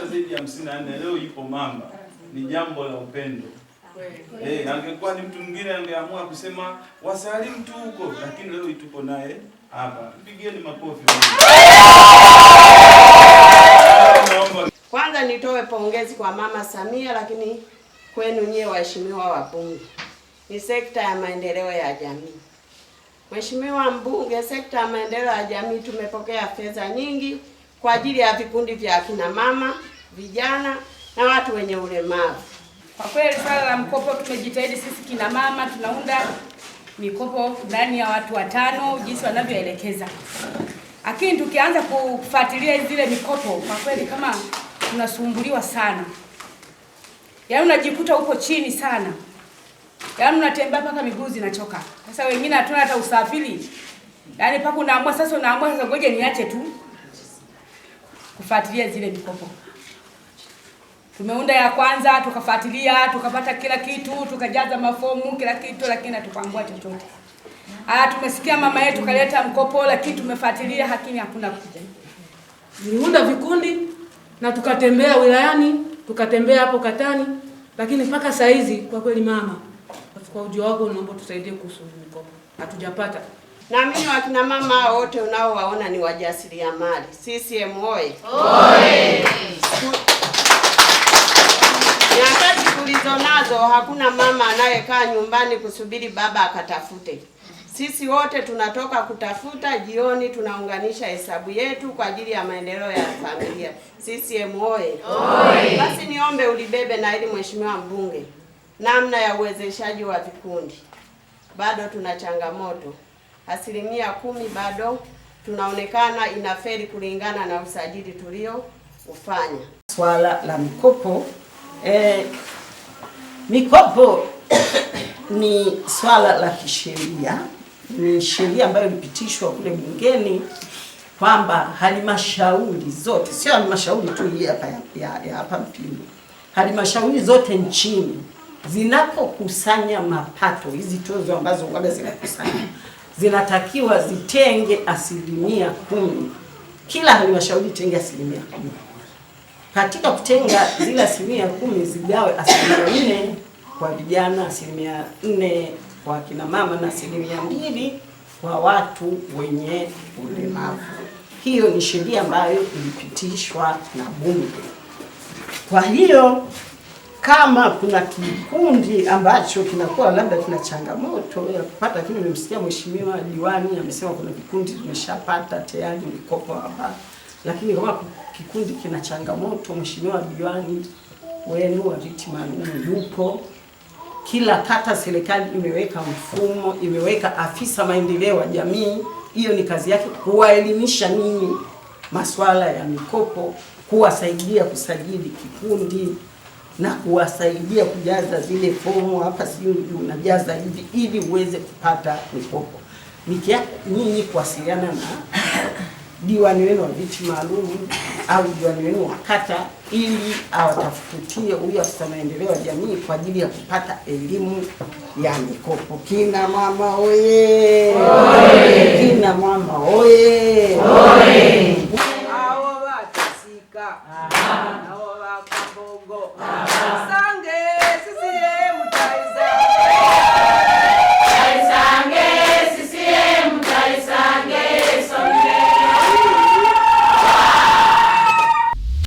hata zaidi ya 54 leo yuko mama, ni jambo la upendo. Eh, angekuwa ni mtu mwingine angeamua kusema wasalimu tu huko, lakini leo tuko naye hapa. Mpigieni makofi. Kwanza nitoe pongezi kwa Mama Samia, lakini kwenu nyie waheshimiwa wabunge, ni sekta ya maendeleo ya jamii. Mheshimiwa Mbunge, sekta ya maendeleo ya jamii tumepokea fedha nyingi kwa ajili ya vikundi vya akina mama vijana na watu wenye ulemavu. Kwa kweli swala la mkopo tumejitahidi sisi kina mama, tunaunda mikopo ndani ya watu watano jinsi wanavyoelekeza, lakini tukianza kufuatilia zile mikopo kwa kweli kama tunasumbuliwa sana, yaani unajikuta uko chini sana, yaani unatembea mpaka miguu zinachoka. Sasa wengine hatuna hata usafiri, yaani mpaka unaamua sasa, unaamua sasa, ngoja niache tu kufuatilia zile mikopo. Tumeunda ya kwanza, tukafuatilia, tukapata kila kitu, tukajaza mafomu kila kitu, lakini hatukupangua chochote. Ah, tumesikia mama yetu kaleta mkopo, lakini tumefuatilia, lakini hakuna kitu. Niunda vikundi na tukatembea wilayani, tukatembea hapo Katani, lakini mpaka saa hizi kwa kweli mama, kwa ujio wako naomba tusaidie kuhusu mkopo. Hatujapata. Na Naamini wakina mama wote unaowaona ni wajasiriamali. CCM oyee! Oye! nyakati tulizonazo hakuna mama anayekaa nyumbani kusubiri baba akatafute. Sisi wote tunatoka kutafuta, jioni tunaunganisha hesabu yetu kwa ajili ya maendeleo ya familia. CCM oye! Basi niombe ulibebe na ili Mheshimiwa Mbunge, namna ya uwezeshaji wa vikundi, bado tuna changamoto. Asilimia kumi bado tunaonekana inaferi kulingana na usajili tulio ufanya. Swala la mikopo Eh, mikopo ni swala la kisheria, ni sheria ambayo ilipitishwa kule bungeni kwamba halmashauri zote, sio halmashauri tu hii hapa ya hapa Mpimbo, halmashauri zote nchini zinapokusanya mapato, hizi tozo ambazo waga zinakusanya, zinatakiwa zitenge asilimia kumi, kila halmashauri itenge asilimia kumi katika kutenga zile asilimia kumi zigawe asilimia nne kwa vijana, asilimia nne kwa kina mama na asilimia mbili kwa watu wenye ulemavu. Hiyo ni sheria ambayo ilipitishwa na Bunge. Kwa hiyo kama kuna kikundi ambacho kinakuwa labda kina changamoto ya kupata, lakini nimemsikia mheshimiwa diwani amesema kuna vikundi vimeshapata tayari mikopo hapa lakini kama kikundi kina changamoto, mheshimiwa diwani wenu wa viti maalum yupo kila kata. Serikali imeweka mfumo, imeweka afisa maendeleo ya jamii, hiyo ni kazi yake kuwaelimisha ninyi masuala ya mikopo, kuwasaidia kusajili kikundi na kuwasaidia kujaza zile fomu hapa, sijui unajaza hivi ili uweze kupata mikopo. Nyinyi kuwasiliana na diwani wenu wa viti maalum au diwani wenu wa kata, ili awatafutie huyu afisa maendeleo ya jamii kwa ajili ya kupata elimu ya mikopo. Kina mama oye! Kina mama oye!